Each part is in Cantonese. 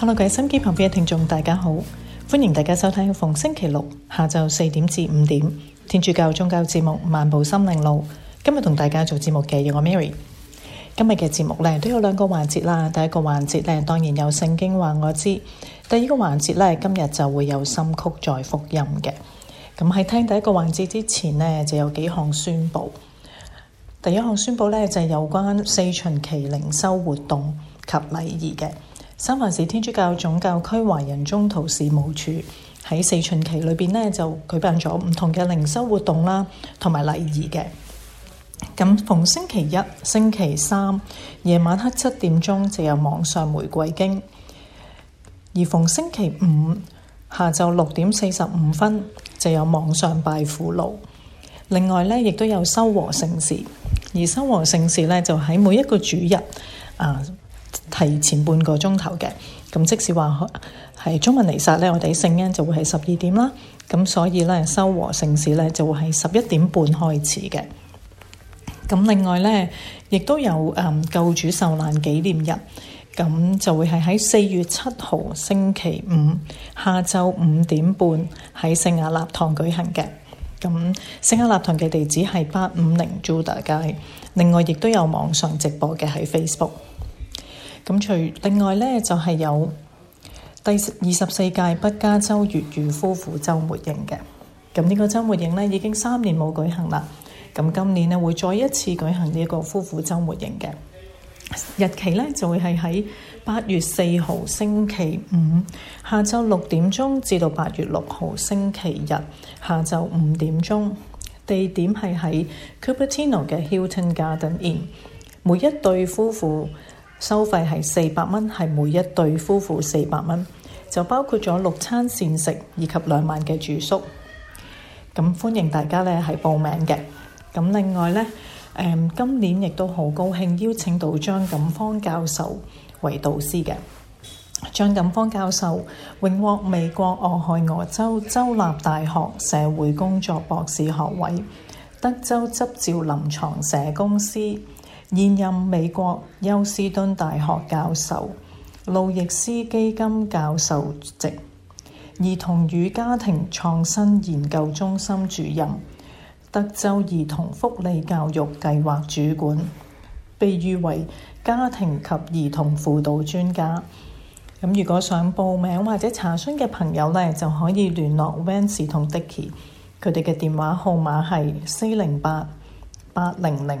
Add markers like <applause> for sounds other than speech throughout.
hello，各位心機旁邊嘅聽眾大家好，歡迎大家收聽逢星期六下晝四點至五點天主教宗教節目《漫步心靈路》。今日同大家做節目嘅，要我 Mary。今日嘅節目咧都有兩個環節啦，第一個環節咧當然有聖經話我知，第二個環節咧今日就會有心曲載福音嘅。咁喺聽第一個環節之前呢，就有幾項宣布。第一項宣布咧就係有關四旬期靈修活動及禮儀嘅。三藩市天主教總教區華人中途事務處喺四旬期裏邊呢，就舉辦咗唔同嘅靈修活動啦，同埋禮儀嘅。咁逢星期一、星期三夜晚黑七點鐘就有網上玫瑰經，而逢星期五下晝六點四十五分就有網上拜苦路。另外呢，亦都有修和聖事，而修和聖事呢，就喺每一個主日啊。提前半個鐘頭嘅咁，即使話係中文彌撒咧，我哋聖恩就會係十二點啦。咁所以咧，修和聖事咧就會係十一點半開始嘅。咁另外咧，亦都有誒、嗯、救主受難紀念日，咁就會係喺四月七號星期五下晝五點半喺聖雅納堂舉行嘅。咁聖雅納堂嘅地址係八五零 Judah 街，另外亦都有網上直播嘅喺 Facebook。咁除另外咧，就係有第二十四屆北加州粵語夫婦周末營嘅。咁呢個周末營咧已經三年冇舉行啦。咁今年咧會再一次舉行呢一個夫婦周末營嘅日期咧，就會係喺八月四號星期五下晝六點鐘，至到八月六號星期日下晝五點鐘。地點係喺 Cupertino 嘅 Hilton Garden Inn。每一對夫婦。收費係四百蚊，係每一對夫婦四百蚊，就包括咗六餐膳食以及兩晚嘅住宿。咁歡迎大家呢係報名嘅。咁另外呢，嗯、今年亦都好高興邀請到張錦芳教授為導師嘅。張錦芳教授榮獲美國俄亥俄州州立大學社會工作博士學位，德州執照臨床社公司。現任美國休斯敦大學教授路易斯基金教授席、兒童與家庭創新研究中心主任、德州兒童福利教育計劃主管，被譽為家庭及兒童輔導專家。咁如果想報名或者查詢嘅朋友咧，就可以聯絡 Vans 同 Dicky，佢哋嘅電話號碼係四零八八零零。800，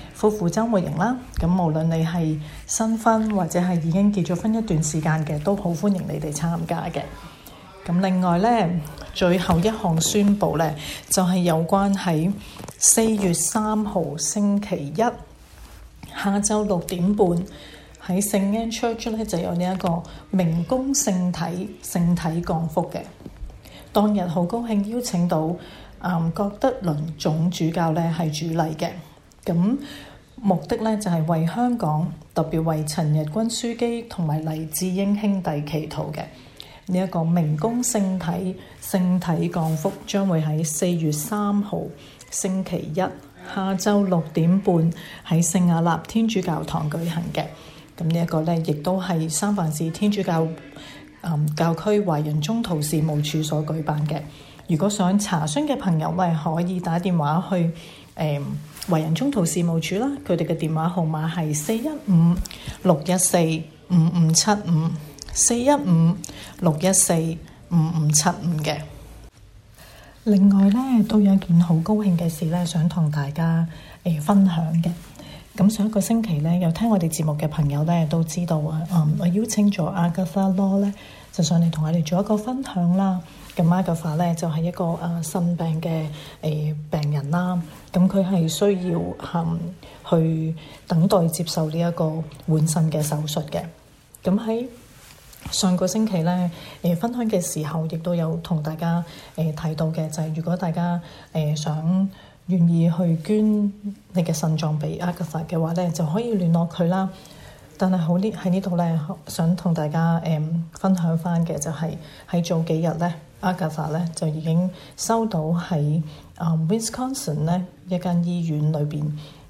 夫婦週末營啦，咁無論你係新婚或者係已經結咗婚一段時間嘅，都好歡迎你哋參加嘅。咁另外咧，最後一項宣佈咧，就係有關喺四月三號星期一下晝六點半喺聖安 Church 咧，就有呢一個明供聖體、聖體降福嘅。當日好高興邀請到啊郭德倫總主教咧係主禮嘅，咁。目的咧就係、是、為香港，特別為陳日君樞機同埋黎智英兄弟祈禱嘅。呢一個明供聖體聖體降福，將會喺四月三號星期一下晝六點半喺聖亞納天主教堂舉行嘅。咁、這個、呢一個咧，亦都係三藩市天主教教區華人中途事務處所舉辦嘅。如果想查詢嘅朋友，咪可以打電話去誒。嗯為人中途事務處啦，佢哋嘅電話號碼係四一五六一四五五七五四一五六一四五五七五嘅。75，另外咧，都有一件好高興嘅事咧，想同大家誒、呃、分享嘅。咁上一個星期咧，有聽我哋節目嘅朋友咧，都知道啊，嗯，我邀請咗阿格薩羅咧，就上嚟同我哋做一個分享啦。咁阿格法咧就係、是、一個誒腎、啊、病嘅誒、呃、病人啦，咁佢係需要行、啊、去等待接受呢一個換腎嘅手術嘅。咁喺上個星期咧誒、呃、分享嘅時候，亦都有同大家誒、呃、提到嘅，就係、是、如果大家誒、呃、想願意去捐你嘅腎臟俾阿格法嘅話咧，就可以聯絡佢啦。但係好啲喺呢度咧，想同大家誒、呃、分享翻嘅就係、是、喺早幾日咧。阿格法咧就已經收到喺啊 Wisconsin 咧一間醫院裏邊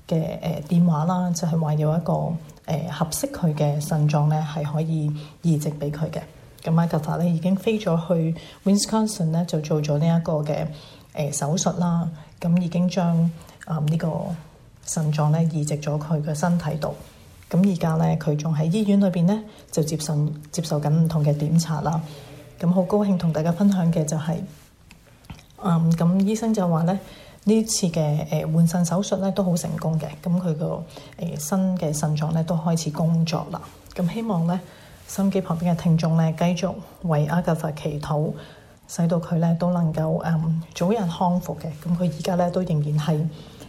嘅誒電話啦，就係、是、話有一個誒、呃、合適佢嘅腎臟咧係可以移植俾佢嘅。咁阿格法咧已經飛咗去 Wisconsin 咧，就做咗呢一個嘅誒、呃、手術啦。咁、嗯、已經將啊呢個腎臟咧移植咗佢嘅身體度。咁而家咧佢仲喺醫院裏邊咧就接受接受緊唔同嘅檢查啦。咁好高興同大家分享嘅就係、是，嗯咁醫生就話咧呢次嘅誒換腎手術咧都好成功嘅。咁佢個誒新嘅腎臟咧都開始工作啦。咁希望咧收音機旁邊嘅聽眾咧繼續為阿格法祈禱，使到佢咧都能夠嗯早日康復嘅。咁佢而家咧都仍然係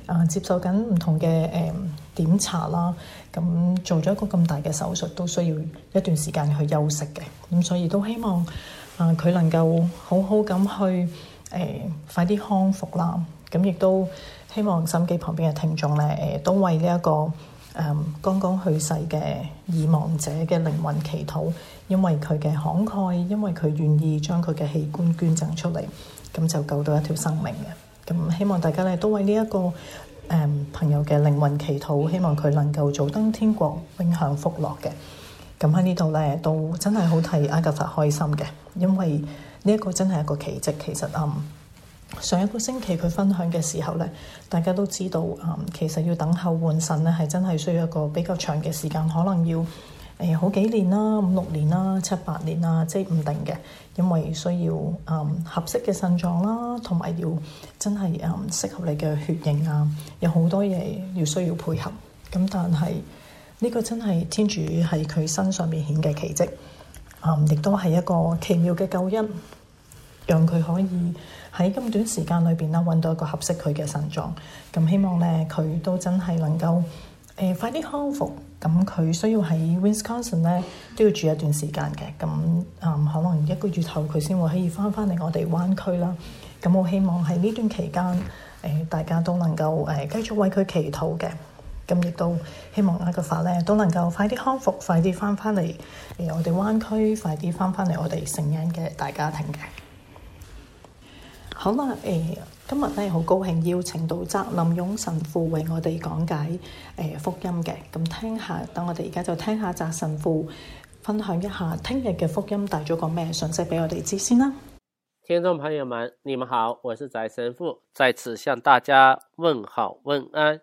啊、呃、接受緊唔同嘅誒檢查啦。咁做咗一個咁大嘅手術都需要一段時間去休息嘅。咁所以都希望。啊！佢、呃、能夠好好咁去誒、呃、快啲康復啦，咁亦都希望心機旁邊嘅聽眾咧誒都為呢、這、一個誒剛剛去世嘅已亡者嘅靈魂祈禱，因為佢嘅慷慨，因為佢願意將佢嘅器官捐贈出嚟，咁就救到一條生命嘅。咁希望大家咧都為呢、這、一個誒、呃、朋友嘅靈魂祈禱，希望佢能夠早登天國，永享福樂嘅。咁喺呢度咧，都真係好替阿格法開心嘅，因為呢一個真係一個奇蹟。其實，嗯，上一個星期佢分享嘅時候咧，大家都知道，嗯，其實要等候換腎咧，係真係需要一個比較長嘅時間，可能要誒、呃、好幾年啦、五六年啦、七八年啦，即係唔定嘅，因為需要嗯合適嘅腎臟啦，同埋要真係嗯適合你嘅血型啊，有好多嘢要需要配合。咁但係。呢個真係天主喺佢身上面顯嘅奇蹟，啊、嗯，亦都係一個奇妙嘅救恩，讓佢可以喺咁短時間裏邊啦，搵到一個合適佢嘅腎臟。咁、嗯嗯、希望咧，佢都真係能夠誒、呃、快啲康復。咁、嗯、佢需要喺 Wisconsin 咧都要住一段時間嘅，咁、嗯、啊、嗯、可能一個月後佢先會可以返返嚟我哋灣區啦。咁、嗯嗯嗯、我希望喺呢段期間誒、呃，大家都能夠誒繼續為佢祈禱嘅。咁亦都希望阿個法咧都能夠快啲康復，快啲翻返嚟，誒、呃，我哋灣區，快啲翻返嚟，我哋成人嘅大家庭嘅。好啦，誒、呃，今日咧好高興邀請到澤林勇神父為我哋講解誒、呃、福音嘅。咁聽下，等我哋而家就聽下澤神父分享一下聽日嘅福音帶咗個咩信息俾我哋知先啦。聽眾朋友們，你們好，我是宅神父，再次向大家問好問安。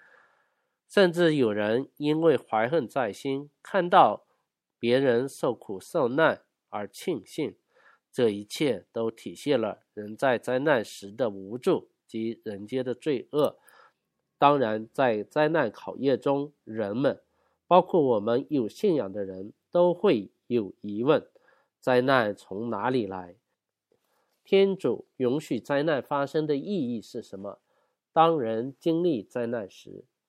甚至有人因為懷恨在心，看到別人受苦受難而慶幸。這一切都體現了人在災難時的無助及人間的罪惡。當然，在災難考驗中，人們，包括我們有信仰的人，都會有疑問：災難從哪裏來？天主允許災難發生的意義是什麼？當人經歷災難時，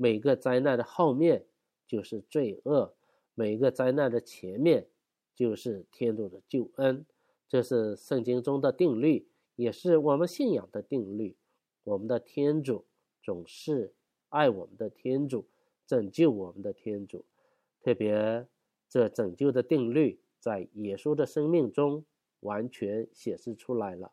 每個災難的後面就是罪惡，每個災難的前面就是天主的救恩，這是聖經中的定律，也是我們信仰的定律。我們的天主總是愛我們的天主，拯救我們的天主。特別這拯救的定律在耶穌的生命中完全顯示出來了。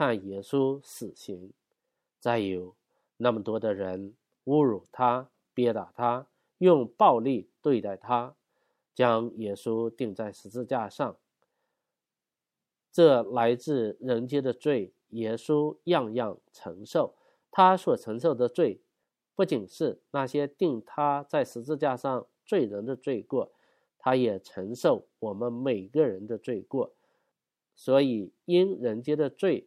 判耶穌死刑，再有那麼多的人侮辱他、鞭打他、用暴力對待他，將耶穌釘在十字架上。這來自人間的罪，耶穌樣樣承受。他所承受的罪，不僅是那些定他在十字架上罪人的罪過，他也承受我們每個人的罪過。所以因人間的罪。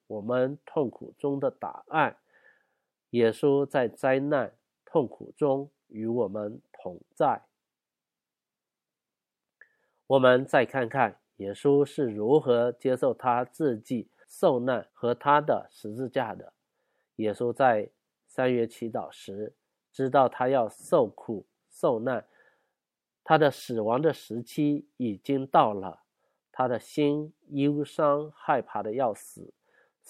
我們痛苦中的答案，耶穌在災難、痛苦中與我們同在。我們再看看耶穌是如何接受他自己受難和他的十字架的。耶穌在三月祈禱時知道他要受苦受難，他的死亡的時期已經到了，他的心憂傷、害怕得要死。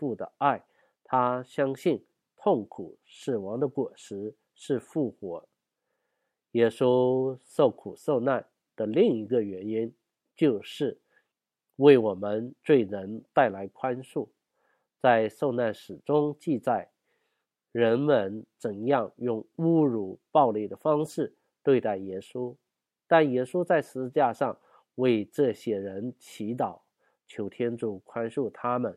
父的愛，他相信痛苦死亡的果實是復活。耶穌受苦受難的另一個原因，就是為我們罪人帶來寬恕。在受難史中記載，人們怎樣用侮辱、暴力的方式對待耶穌，但耶穌在十字架上為這些人祈禱，求天主寬恕他們。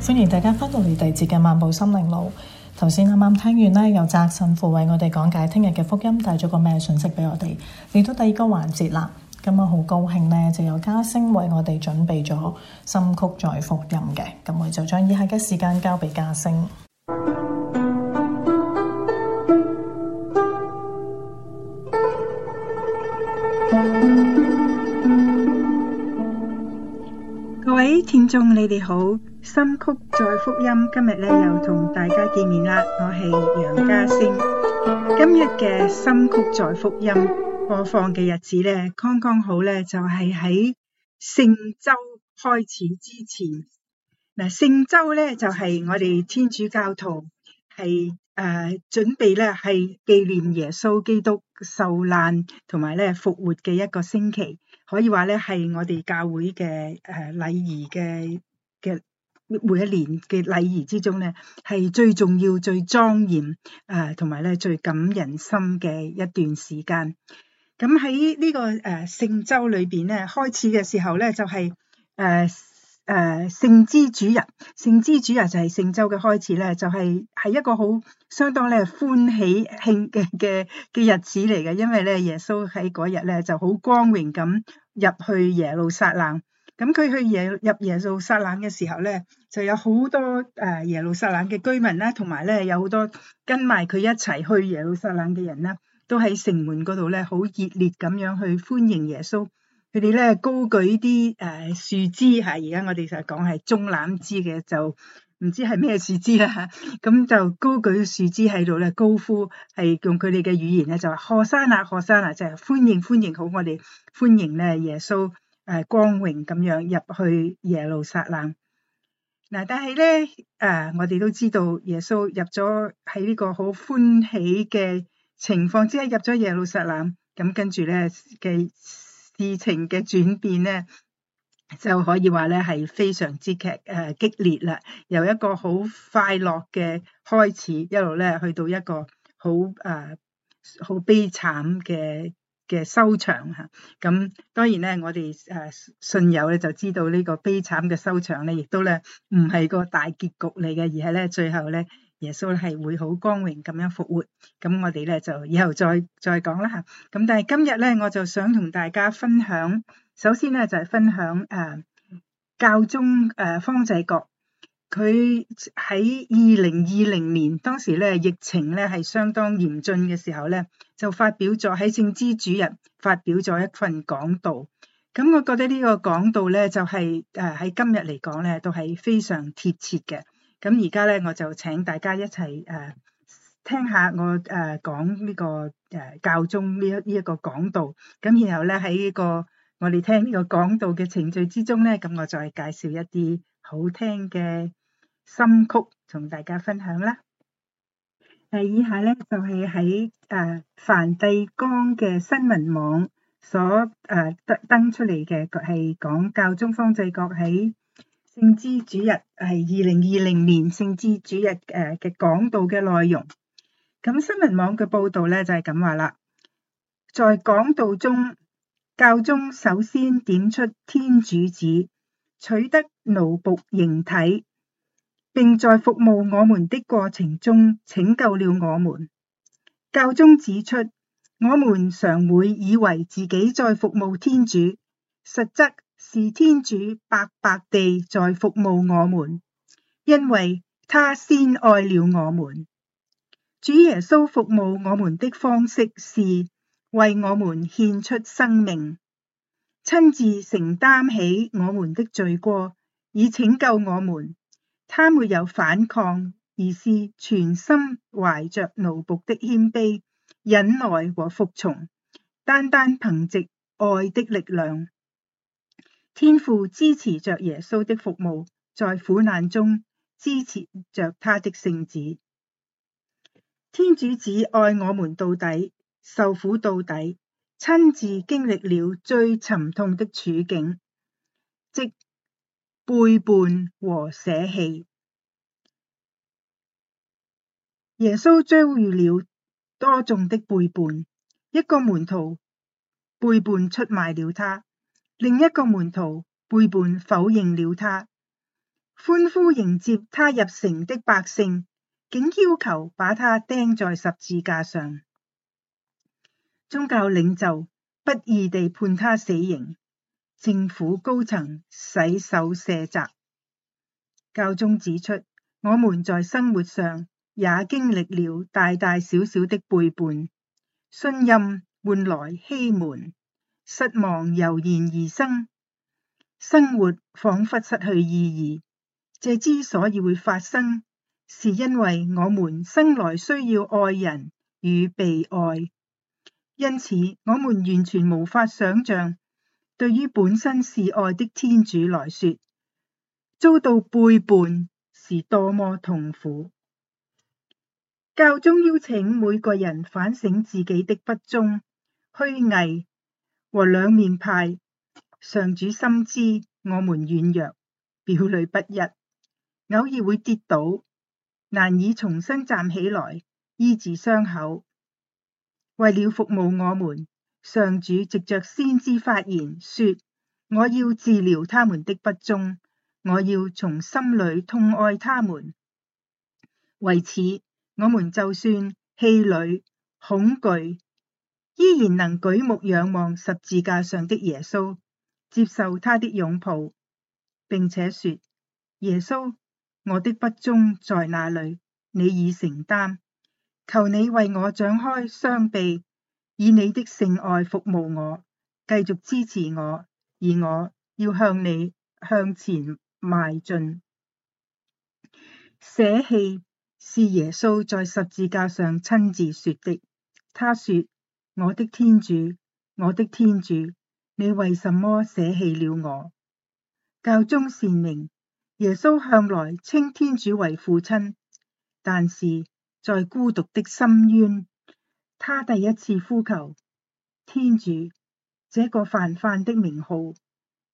歡迎大家返到嚟第二節嘅漫步心靈路。頭先啱啱聽完呢，有澤神父為我哋講解聽日嘅福音帶咗個咩信息俾我哋。嚟到第二個環節啦，咁我好高興呢，就由嘉升為我哋準備咗心曲載福音嘅，咁我就將以下嘅時間交俾嘉升。各位聽眾，你哋好！心曲載福音，今日咧又同大家見面啦。我係楊家星。今日嘅心曲載福音播放嘅日子咧，剛剛好咧就係喺聖周開始之前。嗱，聖周咧就係我哋天主教徒係誒準備咧係紀念耶穌基督受難同埋咧復活嘅一個星期。可以話咧係我哋教會嘅誒禮儀嘅嘅每一年嘅禮儀之中咧，係最重要、最莊嚴誒，同埋咧最感人心嘅一段時間。咁喺呢個誒聖周裏邊咧，開始嘅時候咧就係誒誒聖枝主日，聖枝主日就係聖周嘅開始咧，就係係一個好相當咧歡喜慶嘅嘅嘅日子嚟嘅，因為咧耶穌喺嗰日咧就好光榮咁。入去耶路撒冷，咁佢去耶入耶路撒冷嘅時候咧，就有好多誒耶路撒冷嘅居民啦，同埋咧有好多跟埋佢一齊去耶路撒冷嘅人啦，都喺城門嗰度咧好熱烈咁樣去歡迎耶穌，佢哋咧高舉啲誒、啊、樹枝，係而家我哋就講係棕櫚枝嘅就。唔知係咩樹枝啦，咁就高舉樹枝喺度咧，高呼係用佢哋嘅語言咧就話：賀山啊，賀山啊，就係，歡迎歡迎好我哋，歡迎咧耶穌誒光榮咁樣入去耶路撒冷。嗱，但係咧誒，我哋都知道耶穌入咗喺呢個好歡喜嘅情況之下入咗耶路撒冷，咁跟住咧嘅事情嘅轉變咧就可以話咧係非常之劇誒激烈啦，由一個好快樂嘅開始，一路咧去到一個好誒好悲慘嘅嘅收場吓。咁當然咧，我哋誒信友咧就知道呢個悲慘嘅收場咧，亦都咧唔係個大結局嚟嘅，而係咧最後咧耶穌係會好光榮咁樣復活。咁我哋咧就以後再再講啦吓。咁但係今日咧，我就想同大家分享。首先咧就係分享誒教宗誒方濟各，佢喺二零二零年當時咧疫情咧係相當嚴峻嘅時候咧，就發表咗喺聖枝主日發表咗一份講道。咁我覺得呢個講道咧就係誒喺今日嚟講咧都係非常貼切嘅。咁而家咧我就請大家一齊誒聽下我誒講呢個誒教宗呢一呢一個講道。咁然後咧喺呢個。我哋聽呢個講道嘅程序之中咧，咁我再介紹一啲好聽嘅心曲，同大家分享啦。誒，以下咧就係喺誒梵蒂岡嘅新聞網所誒登，呃、登出嚟嘅，係講教宗方濟各喺聖枝主日係二零二零年聖枝主日誒嘅講道嘅內容。咁新聞網嘅報道咧就係咁話啦，在講道中。教宗首先點出天主子取得奴僕形體，並在服務我們的過程中拯救了我們。教宗指出，我們常會以為自己在服務天主，實則是天主白白地在服務我們，因為他先愛了我們。主耶穌服務我們的方式是，為我們獻出生命，親自承擔起我們的罪過，以拯救我們。他沒有反抗，而是全心懷着奴僕的謙卑、忍耐和服從，單單憑藉愛的力量。天父支持着耶穌的服務，在苦難中支持着他的聖子。天主子愛我們到底。受苦到底，親自經歷了最沉痛的處境，即背叛和捨棄。耶穌遭遇了多重的背叛：一個門徒背叛出賣了他，另一個門徒背叛否認了他。歡呼迎接他入城的百姓，竟要求把他釘在十字架上。宗教領袖不義地判他死刑，政府高層洗手卸責。教宗指出，我們在生活上也經歷了大大小小的背叛，信任換來欺瞞，失望油然而生，生活仿佛失去意義。這之所以會發生，是因為我們生來需要愛人與被愛。因此，我們完全無法想象，對於本身是愛的天主來說，遭到背叛是多麼痛苦。教宗邀請每個人反省自己的不忠、虛偽和兩面派。上主深知我們軟弱，表裏不一，偶爾會跌倒，難以重新站起來，醫治傷口。為了服務我們，上主藉着先知發言說：我要治療他們的不忠，我要從心裏痛愛他們。為此，我們就算氣餒、恐懼，依然能舉目仰望十字架上的耶穌，接受他的擁抱，並且說：耶穌，我的不忠在哪裏？你已承擔。求你為我展開雙臂，以你的聖愛服務我，繼續支持我，而我要向你向前邁進。捨棄是耶穌在十字架上親自說的。他說：我的天主，我的天主，你為什麼捨棄了我？教宗善明，耶穌向來稱天主為父親，但是。在孤獨的深淵，他第一次呼求天主這個泛泛的名號，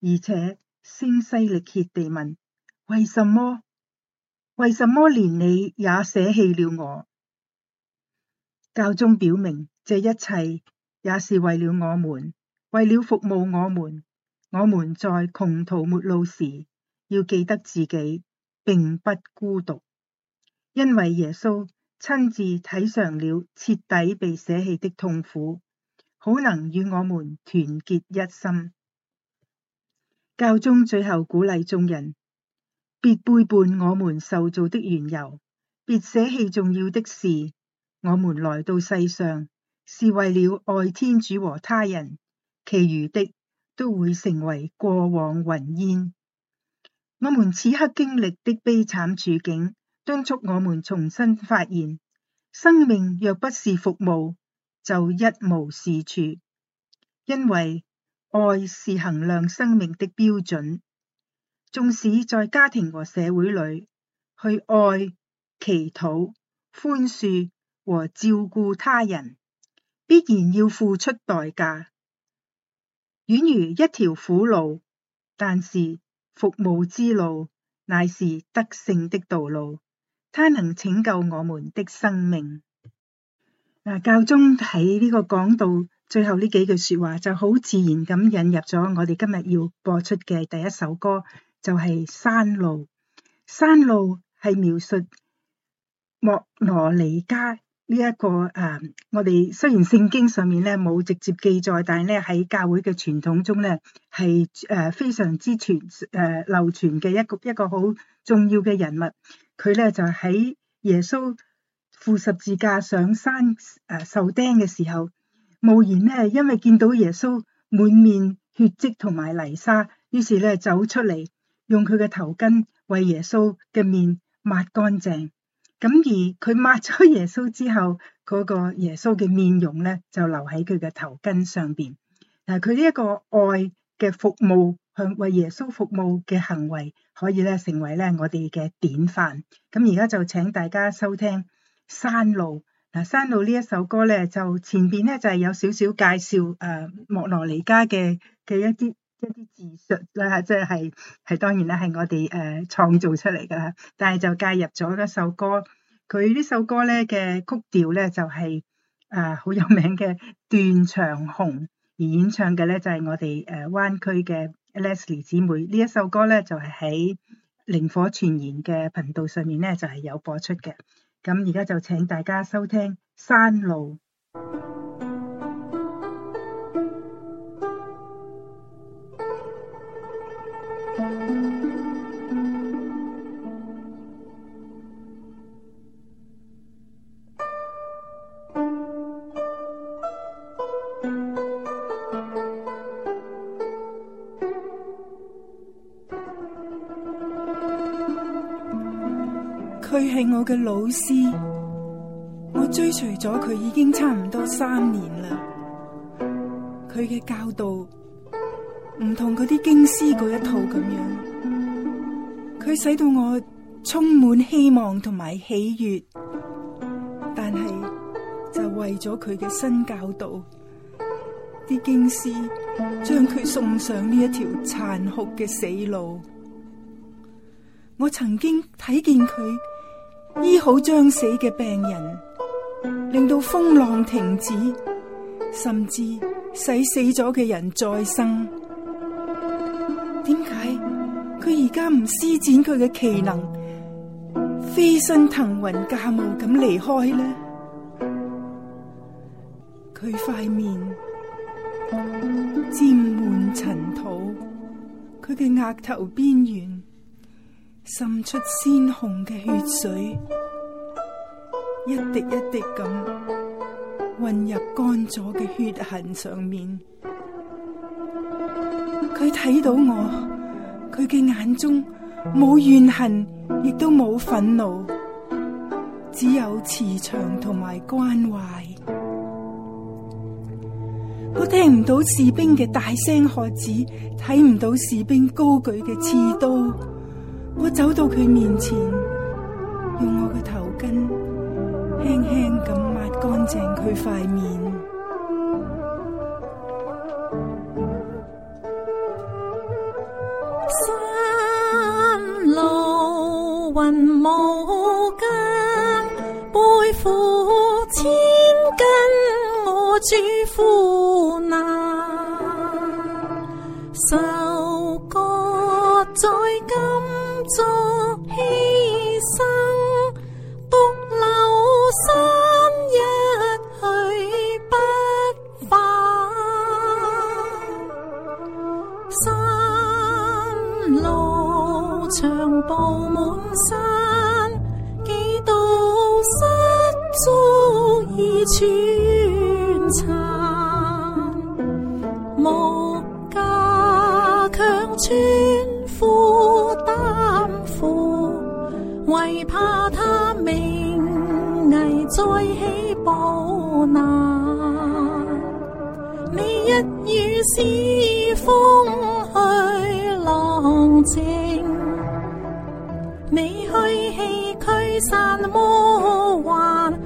而且聲嘶力竭地問：為什麼？為什麼連你也捨棄了我？教宗表明，這一切也是為了我們，為了服務我們。我們在窮途末路時，要記得自己並不孤獨，因為耶穌。親自體嘗了徹底被捨棄的痛苦，好能與我們團結一心。教宗最後鼓勵眾人：別背叛我們受造的緣由，別捨棄重要的事。我們來到世上是為了愛天主和他人，其餘的都會成為過往雲煙。我們此刻經歷的悲慘處境。敦促我們重新發現，生命若不是服務，就一無是處。因為愛是衡量生命的標準。縱使在家庭和社會裏去愛、祈禱、寬恕和照顧他人，必然要付出代價，宛如一條苦路。但是服務之路乃是得勝的道路。他能拯救我們的生命。嗱，教宗喺呢個講道最後呢幾句說話，就好自然咁引入咗我哋今日要播出嘅第一首歌，就係、是《山路》。《山路》係描述莫羅尼加呢、這、一個誒，我哋雖然聖經上面咧冇直接記載，但係咧喺教會嘅傳統中咧係誒非常之傳誒流傳嘅一個一個好重要嘅人物。佢咧就喺耶穌負十字架上山誒受釘嘅時候，無言呢，因為見到耶穌滿面血跡同埋泥沙，於是咧走出嚟，用佢嘅頭巾為耶穌嘅面抹乾淨。咁而佢抹咗耶穌之後，嗰個耶穌嘅面容咧就留喺佢嘅頭巾上邊。誒，佢呢一個愛嘅服務。向為耶穌服務嘅行為可以咧成為咧我哋嘅典範。咁而家就請大家收聽山路。嗱，山路呢一首歌咧，就前邊咧就係有少少介紹，誒莫羅尼加嘅嘅一啲一啲字術啦，即係係當然啦，係我哋誒創造出嚟噶啦。但係就介入咗一首歌，佢呢首歌咧嘅曲調咧就係誒好有名嘅《斷腸紅》，而演唱嘅咧就係我哋誒灣區嘅。l e s l i e 姊妹，呢一首歌咧就係喺靈火傳言嘅頻道上面咧就係有播出嘅，咁而家就請大家收聽山路。我嘅老師，我追隨咗佢已經差唔多三年啦。佢嘅教導唔同嗰啲經師嗰一套咁樣，佢使到我充滿希望同埋喜悅。但係就為咗佢嘅新教導，啲經師將佢送上呢一條殘酷嘅死路。我曾經睇見佢。醫好將死嘅病人，令到風浪停止，甚至使死咗嘅人再生。點解佢而家唔施展佢嘅奇能，飛身騰雲駕霧咁離開呢？佢塊面沾滿塵土，佢嘅額頭邊緣滲出鮮紅嘅血水，一滴一滴咁混入乾咗嘅血痕上面。佢睇到我，佢嘅眼中冇怨恨，亦都冇憤怒，只有慈祥同埋關懷。佢聽唔到士兵嘅大聲喝止，睇唔到士兵高舉嘅刺刀。我走到佢面前，用我嘅頭巾輕輕咁抹乾淨佢塊面。山路雲霧間，背負千斤我主夫。負擔負，負負唯怕他命危再起波難。你一語使風去浪靜，你虛氣驅散魔幻。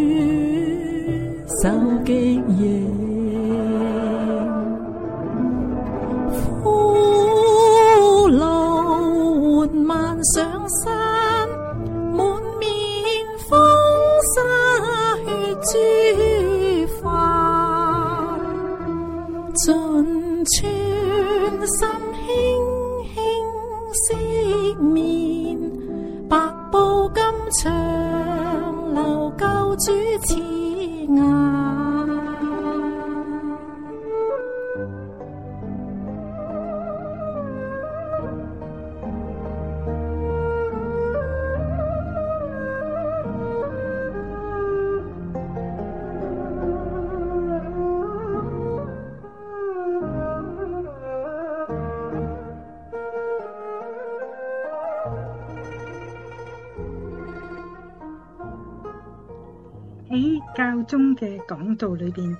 中嘅講道裏邊，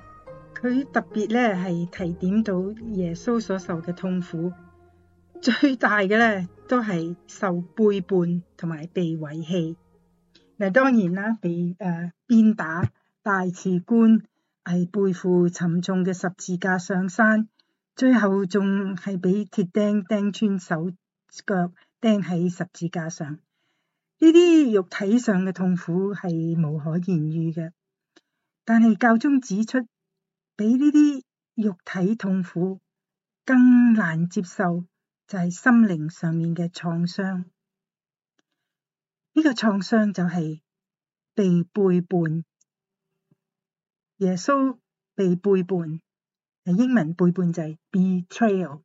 佢特別咧，係提點到耶穌所受嘅痛苦最大嘅，咧，都係受背叛同埋被遺棄。嗱，當然啦，被誒鞭打、戴刺冠，係背負沉重嘅十字架上山，最後仲係俾鐵釘釘穿手腳，釘喺十字架上。呢啲肉體上嘅痛苦係無可言喻嘅。但係教宗指出，比呢啲肉體痛苦更難接受就係、是、心靈上面嘅創傷。呢、這個創傷就係被背叛，耶穌被背叛，英文背叛就係 betrayal。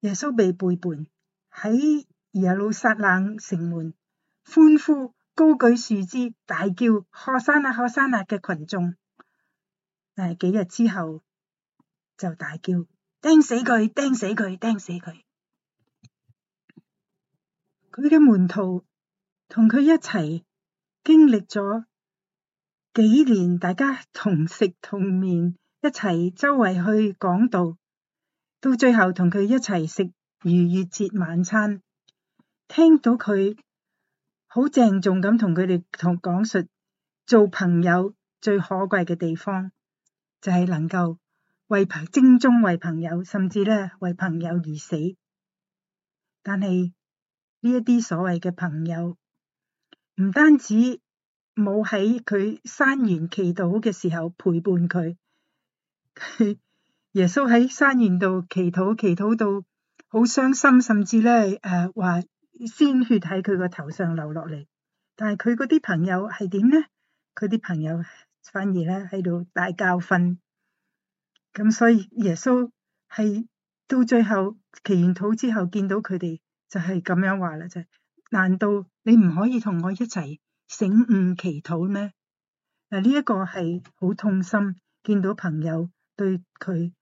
耶穌被背叛喺耶路撒冷城門歡呼高舉樹枝大叫：賀山啊賀山啊嘅群眾。但係幾日之後就大叫：釘死佢，釘死佢，釘死佢。佢嘅門徒同佢一齊經歷咗幾年，大家同食同眠，一齊周圍去講道，到最後同佢一齊食逾越節晚餐，聽到佢。好鄭重咁同佢哋同講述做朋友最可貴嘅地方，就係、是、能夠為正宗為朋友，甚至咧為朋友而死。但係呢一啲所謂嘅朋友，唔單止冇喺佢山園祈禱嘅時候陪伴佢，佢耶穌喺山園度祈禱，祈禱到好傷心，甚至咧誒話。呃鮮血喺佢個頭上流落嚟，但係佢嗰啲朋友係點呢？佢啲朋友反而咧喺度大覺瞓，咁所以耶穌係到最後祈完禱之後見到佢哋就係咁樣話啦，就係，難道你唔可以同我一齊醒悟祈禱咩？嗱，呢一個係好痛心，見到朋友對佢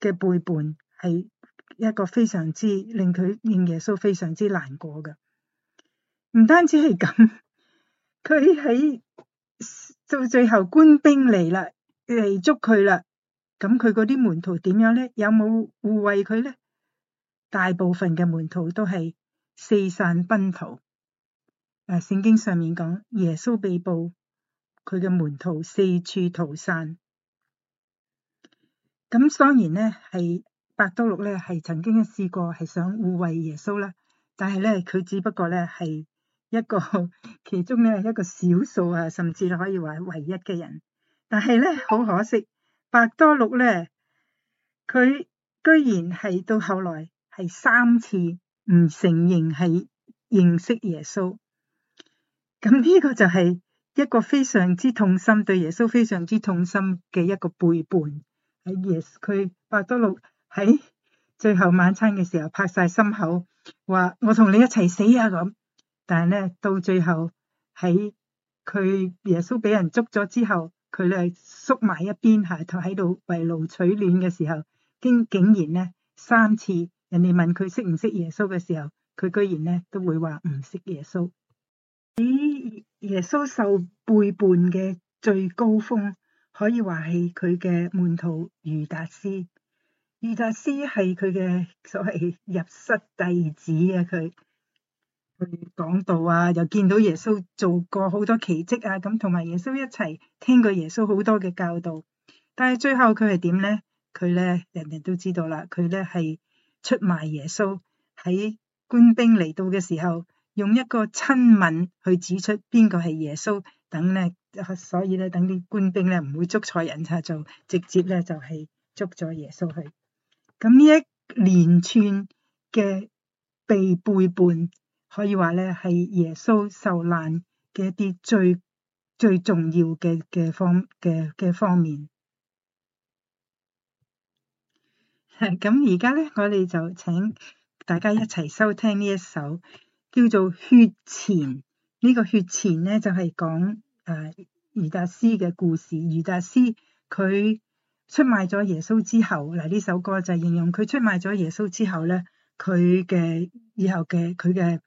嘅背叛係。一個非常之令佢令耶穌非常之難過嘅，唔單止係咁，佢喺到最後官兵嚟啦，嚟捉佢啦，咁佢嗰啲門徒點樣咧？有冇護衛佢咧？大部分嘅門徒都係四散奔逃。誒，聖經上面講耶穌被捕，佢嘅門徒四處逃散。咁當然咧係。百多六咧係曾經試過係想護衛耶穌啦，但係咧佢只不過咧係一個其中咧一個少數啊，甚至可以話唯一嘅人。但係咧好可惜，伯多祿咧佢居然係到後來係三次唔承認係認識耶穌。咁呢個就係一個非常之痛心，對耶穌非常之痛心嘅一個背叛喺耶穌佢伯多祿。喺、哎、最後晚餐嘅時候拍晒心口，話我同你一齊死啊咁。但係咧到最後喺佢耶穌俾人捉咗之後，佢咧縮埋一邊，係喺度圍爐取暖嘅時候，竟竟然咧三次人哋問佢識唔識耶穌嘅時候，佢居然咧都會話唔識耶穌。喺耶穌受背叛嘅最高峰，可以話係佢嘅門徒猶達斯。約瑟斯係佢嘅所謂入室弟子啊，佢佢講到啊，又見到耶穌做過好多奇蹟啊，咁同埋耶穌一齊聽過耶穌好多嘅教導，但係最後佢係點咧？佢咧人人都知道啦，佢咧係出賣耶穌。喺官兵嚟到嘅時候，用一個親吻去指出邊個係耶穌，等咧，所以咧等啲官兵咧唔會捉錯人啊，就直接咧就係捉咗耶穌去。咁呢一連串嘅被背叛，可以話咧係耶穌受難嘅一啲最最重要嘅嘅方嘅嘅方面。咁而家咧，我哋就請大家一齊收聽呢一首叫做《血錢》。這個、呢個血錢咧就係講誒，猶、呃、達斯嘅故事。猶達斯佢。他出賣咗耶穌之後，嗱，呢首歌就係形容佢出賣咗耶穌之後咧，佢嘅以後嘅佢嘅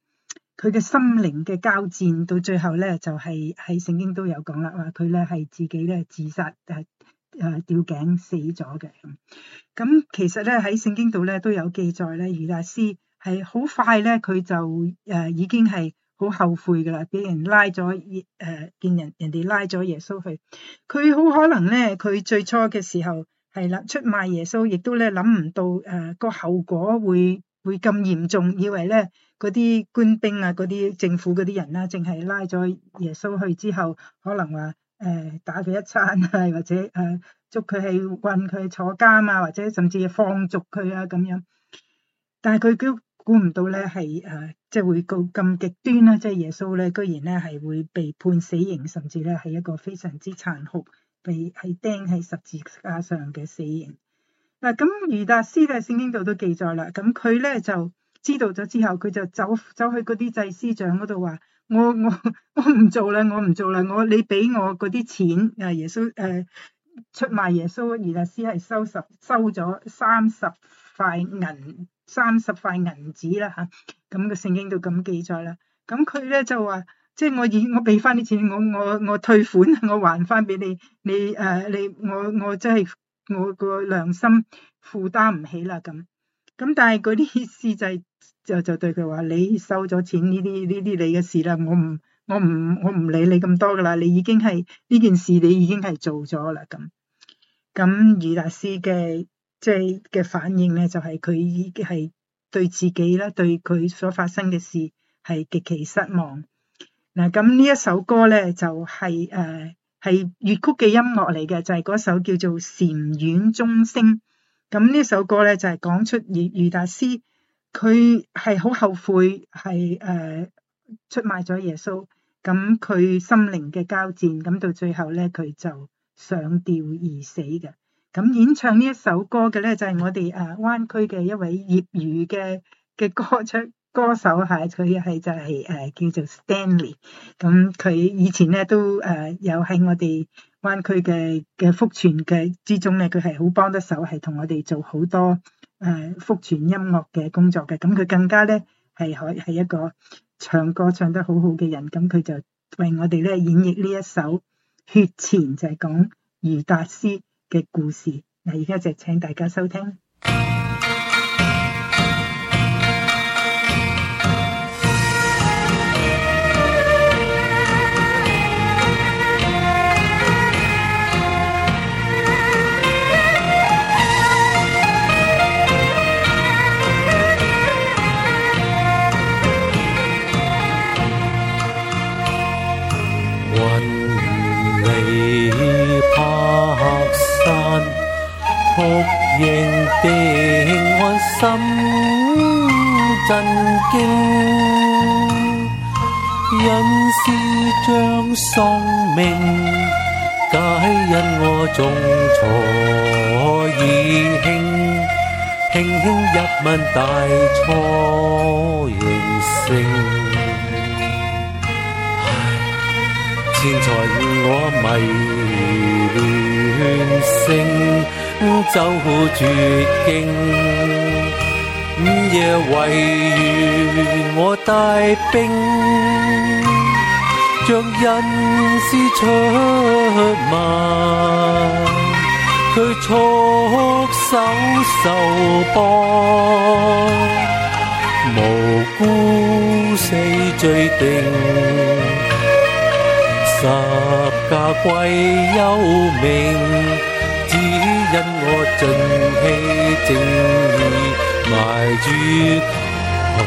佢嘅心靈嘅交戰，到最後咧就係喺聖經都有講啦，話佢咧係自己咧自殺誒誒吊頸死咗嘅。咁咁其實咧喺聖經度咧都有記載咧，猶大斯係好快咧佢就誒已經係。好後悔噶啦，俾人拉咗，誒、呃、見人人哋拉咗耶穌去，佢好可能咧，佢最初嘅時候係啦，出賣耶穌，亦都咧諗唔到誒、呃、個後果會會咁嚴重，以為咧嗰啲官兵啊、嗰啲政府嗰啲人啦、啊，淨係拉咗耶穌去之後，可能話誒、呃、打佢一餐啊，或者誒捉佢去韞佢坐監啊，或者甚至放逐佢啊咁樣。但係佢叫。估唔到咧，係誒，即係會到咁極端啦！即係耶穌咧，居然咧係會被判死刑，甚至咧係一個非常之殘酷，被係釘喺十字架上嘅死刑。嗱，咁猶大師喺聖經度都記載啦。咁佢咧就知道咗之後，佢就走走去嗰啲祭司長嗰度話：我我我唔做啦，我唔做啦！我你俾我嗰啲錢啊！耶穌誒出賣耶穌，猶大師係收十收咗三十塊銀。三十塊銀紙啦嚇，咁個聖經度咁記載啦。咁佢咧就話，即係我以我俾翻啲錢，我我我退款，我還翻俾你。你誒你我我真係我個良心負擔唔起啦咁。咁但係嗰啲司祭就就對佢話：你收咗錢呢啲呢啲你嘅事啦，我唔我唔我唔理你咁多噶啦。你已經係呢件事你已經係做咗啦咁。咁猶達斯嘅。即係嘅反應咧，就係佢已經係對自己啦，對佢所發生嘅事係極其失望。嗱，咁呢一首歌咧就係誒係粵曲嘅音樂嚟嘅，就係、是、嗰首叫做《禪院鐘聲》。咁呢首歌咧就係講出猶猶大斯，佢係好後悔，係誒、呃、出賣咗耶穌。咁佢心靈嘅交戰，咁到最後咧，佢就上吊而死嘅。咁演唱呢一首歌嘅咧，就係、是、我哋誒灣區嘅一位業餘嘅嘅歌唱歌手，吓、就是，佢係就係誒叫做 Stanley。咁佢以前咧都誒有喺我哋灣區嘅嘅福傳嘅之中咧，佢係好幫得手，係同我哋做好多誒福傳音樂嘅工作嘅。咁佢更加咧係可係一個唱歌唱得很好好嘅人。咁佢就為我哋咧演繹呢一首《血前》，就係、是、講余達斯。嘅故事，嗱，而家就請大家收聽。唯願星走好絕境，午夜唯願我帶兵，將恩師出賣，去束手受綁，無辜死罪定。十架貴幽冥，只因我盡棄正義，埋諸土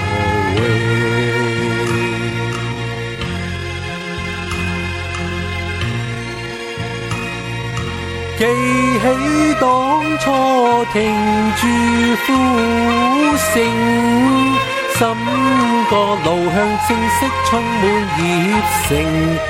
裏。 <music> 記起當初停住呼聲，心個路向清晰，充滿熱誠。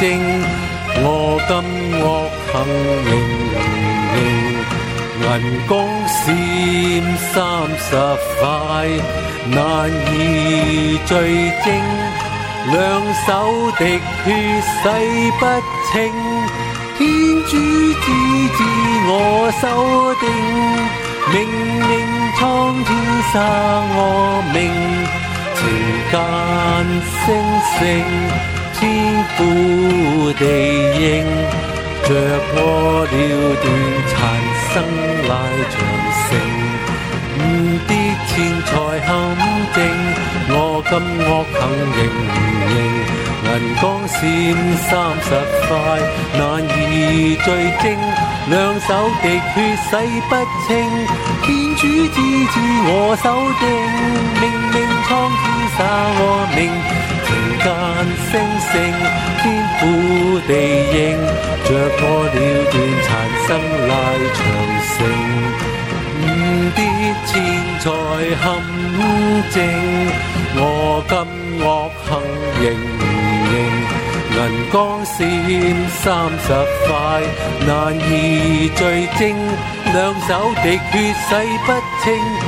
我今惡行仍應，銀光閃三十塊，難以聚精。兩手滴血洗不清，天主之子我手定，命令蒼天殺我命，情間星星。天呼地應，着我了斷殘生，生，賴長成五跌，錢財堪敬，我今惡行盈盈，銀光閃三十塊，難以最精。兩手滴血洗不清，天主之子我手定，命命蒼天殺我命。星星天呼地應，着破了斷殘生拉長繩。五跌錢財陷阱我今惡行盈盈。銀光閃三十塊，難以聚精。兩手滴血洗不清。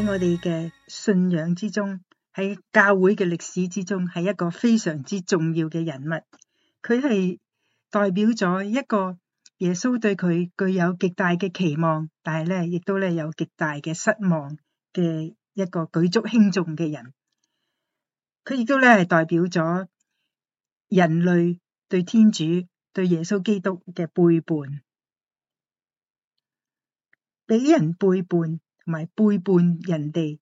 喺我哋嘅信仰之中，喺教會嘅歷史之中，係一個非常之重要嘅人物。佢係代表咗一個耶穌對佢具有極大嘅期望，但係咧亦都咧有極大嘅失望嘅一個舉足輕重嘅人。佢亦都咧係代表咗人類對天主、對耶穌基督嘅背叛，俾人背叛。同埋背叛人哋，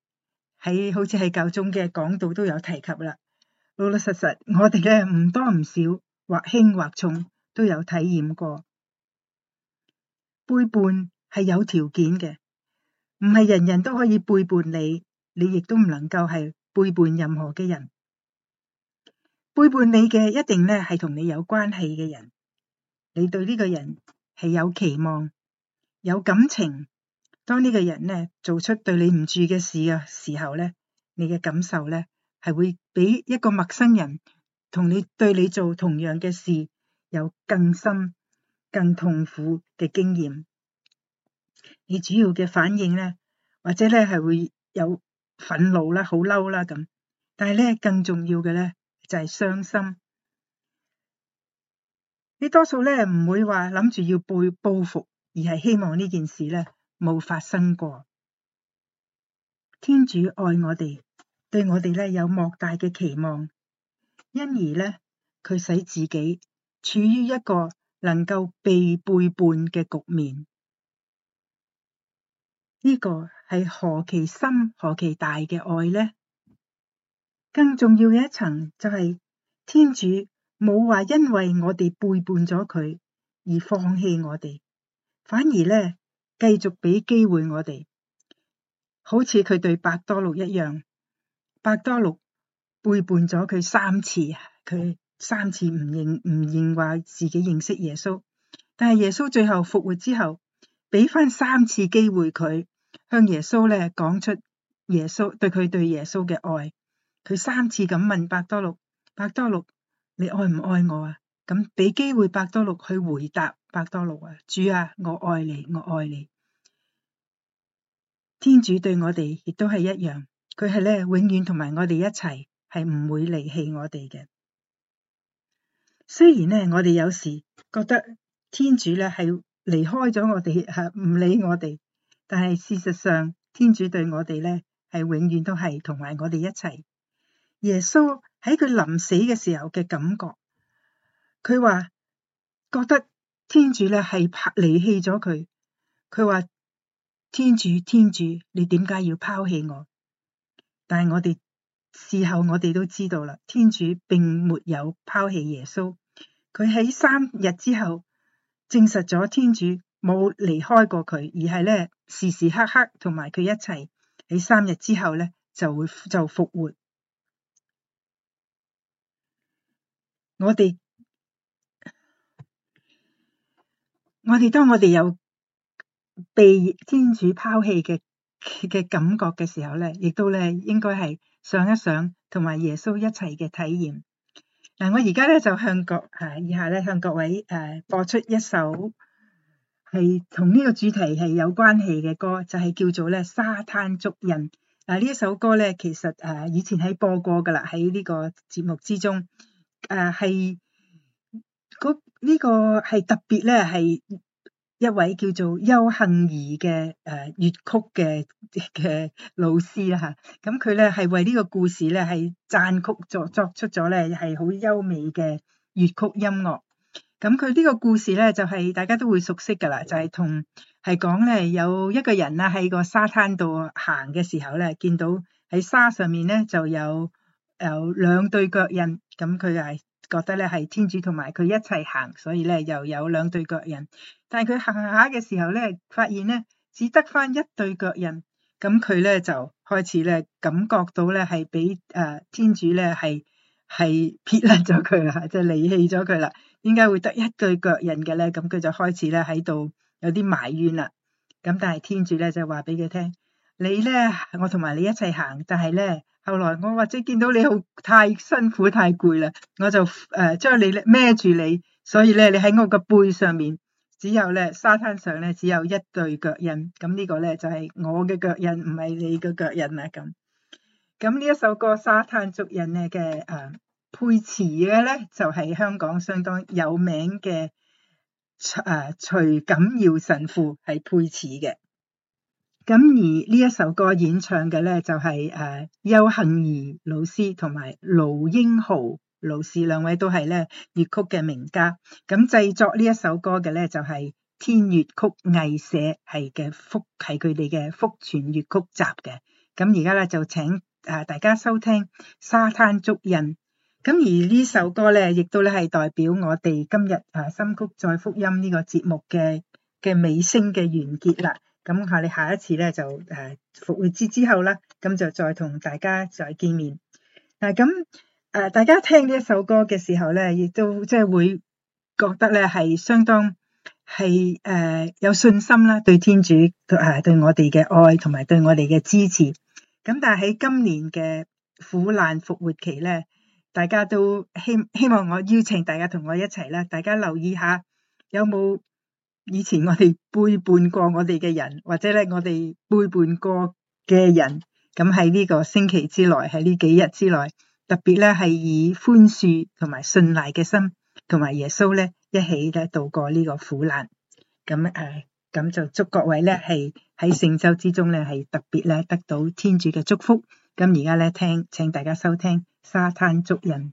喺好似喺教宗嘅講道都有提及啦。老老實實，我哋呢唔多唔少，或輕或重，都有體驗過。背叛係有條件嘅，唔係人人都可以背叛你，你亦都唔能夠係背叛任何嘅人。背叛你嘅一定呢係同你有關係嘅人，你對呢個人係有期望、有感情。當呢個人咧做出對你唔住嘅事嘅時候咧，你嘅感受咧係會比一個陌生人同你對你做同樣嘅事有更深、更痛苦嘅經驗。你主要嘅反應咧，或者咧係會有憤怒啦、好嬲啦咁，但係咧更重要嘅咧就係傷心。你多數咧唔會話諗住要報報復，而係希望呢件事咧。冇發生過，天主愛我哋，對我哋呢有莫大嘅期望，因而呢佢使自己處於一個能夠被背叛嘅局面，呢、這個係何其深何其大嘅愛呢？更重要嘅一層就係、是、天主冇話因為我哋背叛咗佢而放棄我哋，反而呢。繼續俾機會我哋，好似佢對白多祿一樣，白多祿背叛咗佢三次啊！佢三次唔認唔認話自己認識耶穌，但係耶穌最後復活之後，俾翻三次機會佢向耶穌咧講出耶穌對佢對耶穌嘅愛。佢三次咁問白多祿：白多祿，你愛唔愛我啊？咁俾機會伯多祿去回答伯多祿啊主啊，我愛你，我愛你！天主對我哋亦都係一樣，佢係咧永遠同埋我哋一齊，係唔會離棄我哋嘅。雖然呢，我哋有時覺得天主咧係離開咗我哋，唔理我哋，但係事實上，天主對我哋咧係永遠都係同埋我哋一齊。耶穌喺佢臨死嘅時候嘅感覺。佢話覺得天主咧係離棄咗佢，佢話天主，天主，你點解要拋棄我？但係我哋事後我哋都知道啦，天主並沒有拋棄耶穌，佢喺三日之後證實咗天主冇離開過佢，而係咧時時刻刻同埋佢一齊。喺三日之後咧就會就復活，我哋。我哋當我哋有被天主拋棄嘅嘅感覺嘅時候咧，亦都咧應該係想一想同埋耶穌一齊嘅體驗。嗱、啊，我而家咧就向各誒、啊、以下咧向各位誒、啊、播出一首係同呢個主題係有關係嘅歌，就係、是、叫做咧沙灘足印。嗱，呢、啊、一首歌咧其實誒、啊、以前喺播過噶啦，喺呢個節目之中誒係。啊呢個係特別咧，係一位叫做邱杏儀嘅誒粵曲嘅嘅老師啦嚇。咁佢咧係為呢個故事咧係讚曲作作出咗咧係好優美嘅粵曲音樂。咁佢呢個故事咧就係、是、大家都會熟悉噶啦，就係同係講咧有一個人啊喺個沙灘度行嘅時候咧，見到喺沙上面咧就有有兩對腳印。咁佢係。覺得咧係天主同埋佢一齊行，所以咧又有兩對腳印。但係佢行行下嘅時候咧，發現咧只得翻一對腳印。咁佢咧就開始咧感覺到咧係俾誒天主咧係係撇甩咗佢啦，即係離棄咗佢啦。點解會得一對腳印嘅咧？咁佢就開始咧喺度有啲埋怨啦。咁但係天主咧就話俾佢聽：你咧我同埋你一齊行，但係咧。後來我或者見到你好太辛苦太攰啦，我就誒、呃、將你孭住你，所以咧你喺我個背上面，只有咧沙灘上咧只有一對腳印，咁呢個咧就係、是、我嘅腳印，唔係你嘅腳印啦咁。咁呢一首歌《沙灘足印》咧嘅誒配詞嘅咧，就係、是、香港相當有名嘅誒、呃、徐錦耀神父係配詞嘅。咁而呢一首歌演唱嘅咧就係誒邱幸儀老師同埋盧英豪老師兩位都係咧粵曲嘅名家。咁製作呢一首歌嘅咧就係、是、天粵曲藝社係嘅福係佢哋嘅福全粵曲集嘅。咁而家咧就請誒大家收聽沙灘足印。咁而呢首歌咧，亦都咧係代表我哋今日誒心曲載福音呢個節目嘅嘅尾聲嘅完結啦。咁下你下一次咧就誒復活節之後啦，咁就再同大家再見面。嗱咁誒，大家聽呢一首歌嘅時候咧，亦都即係會覺得咧係相當係誒、呃、有信心啦，對天主對誒對我哋嘅愛同埋對我哋嘅支持。咁但係喺今年嘅苦難復活期咧，大家都希希望，我邀請大家同我一齊啦，大家留意下有冇？以前我哋背叛過我哋嘅人，或者咧我哋背叛過嘅人，咁喺呢個星期之內，喺呢幾日之內，特別咧係以寬恕同埋信賴嘅心，同埋耶穌咧一起咧度過呢個苦難。咁誒，咁就祝各位咧係喺聖周之中咧係特別咧得到天主嘅祝福。咁而家咧聽，請大家收聽沙灘族人。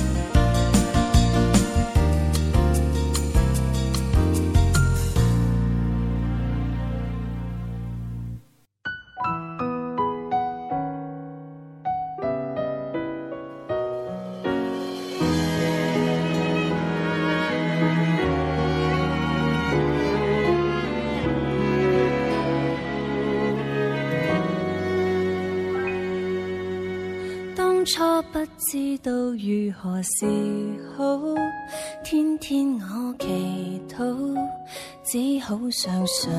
初不知道如何是好，天天我祈禱，只好相信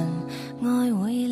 愛會來。